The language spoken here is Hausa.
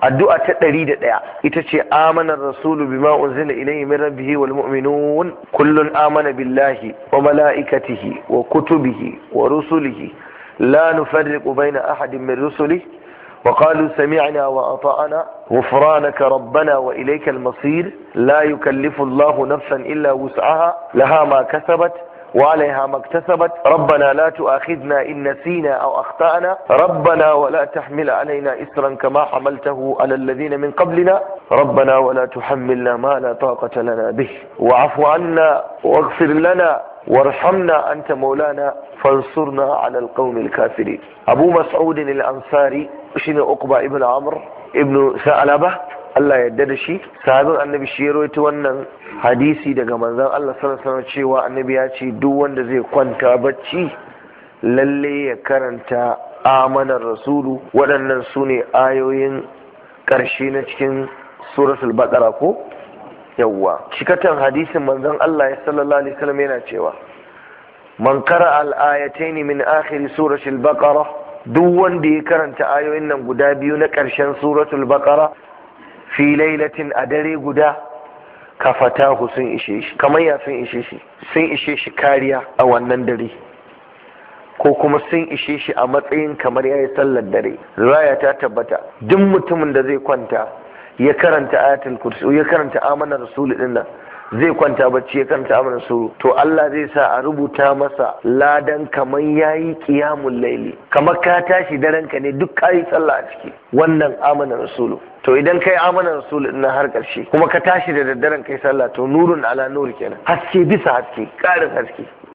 addu'a ta ɗari da ɗaya ita ce amana rasulu bima unzila ilayhi min rabbihi wal mu'minun kullun amana billahi wa mala'ikatihi wa kutubihi wa rusulihi la nufarriqu baina ahadin min rusuli wa qalu sami'na wa ata'na ghufranaka rabbana wa ilayka al-masir la yukallifu Allahu nafsan illa wus'aha laha ma kasabat وعليها ما اكتسبت ربنا لا تؤاخذنا إن نسينا أو أخطأنا ربنا ولا تحمل علينا إسرا كما حملته على الذين من قبلنا ربنا ولا تحملنا ما لا طاقة لنا به واعف عنا واغفر لنا وارحمنا أنت مولانا فانصرنا على القوم الكافرين أبو مسعود الأنصاري شنو أقبى ابن عمرو ابن ثعلبة Allah ya yarda da shi sahabin annabi shi ya rawaito wannan hadisi daga manzon Allah sallallahu alaihi cewa annabi ya ce duk wanda zai kwanta bacci lalle ya karanta amanar rasulu waɗannan su ne ayoyin ƙarshe na cikin suratul baqara ko yawwa cikakken hadisin manzon Allah ya sallallahu alaihi wasallam yana cewa man kara al ayataini min akhir suratul baqara duk wanda ya karanta ayoyin nan guda biyu na ƙarshen suratul baqara fi lailatin a dare guda kafatahu sun ishe shi kamar ya sun ishe shi sun ishe shi kariya a wannan dare ko kuma sun ishe shi a matsayin kamar ya yi sallar dare riwaya ta tabbata duk mutumin da zai kwanta ya karanta ayatul kursu ya karanta amanar rasul zai kwanta bacci ya kanta mana suru to Allah zai sa a rubuta masa ladan kamar yayi qiyamul laili kamar ka tashi daren ka ne duk kayi sallah a ciki wannan amana rasulu to idan kai amana rasul na har karshe kuma ka tashi da daddaren kai sallah to nurun ala nur kenan haske bisa haske karin haske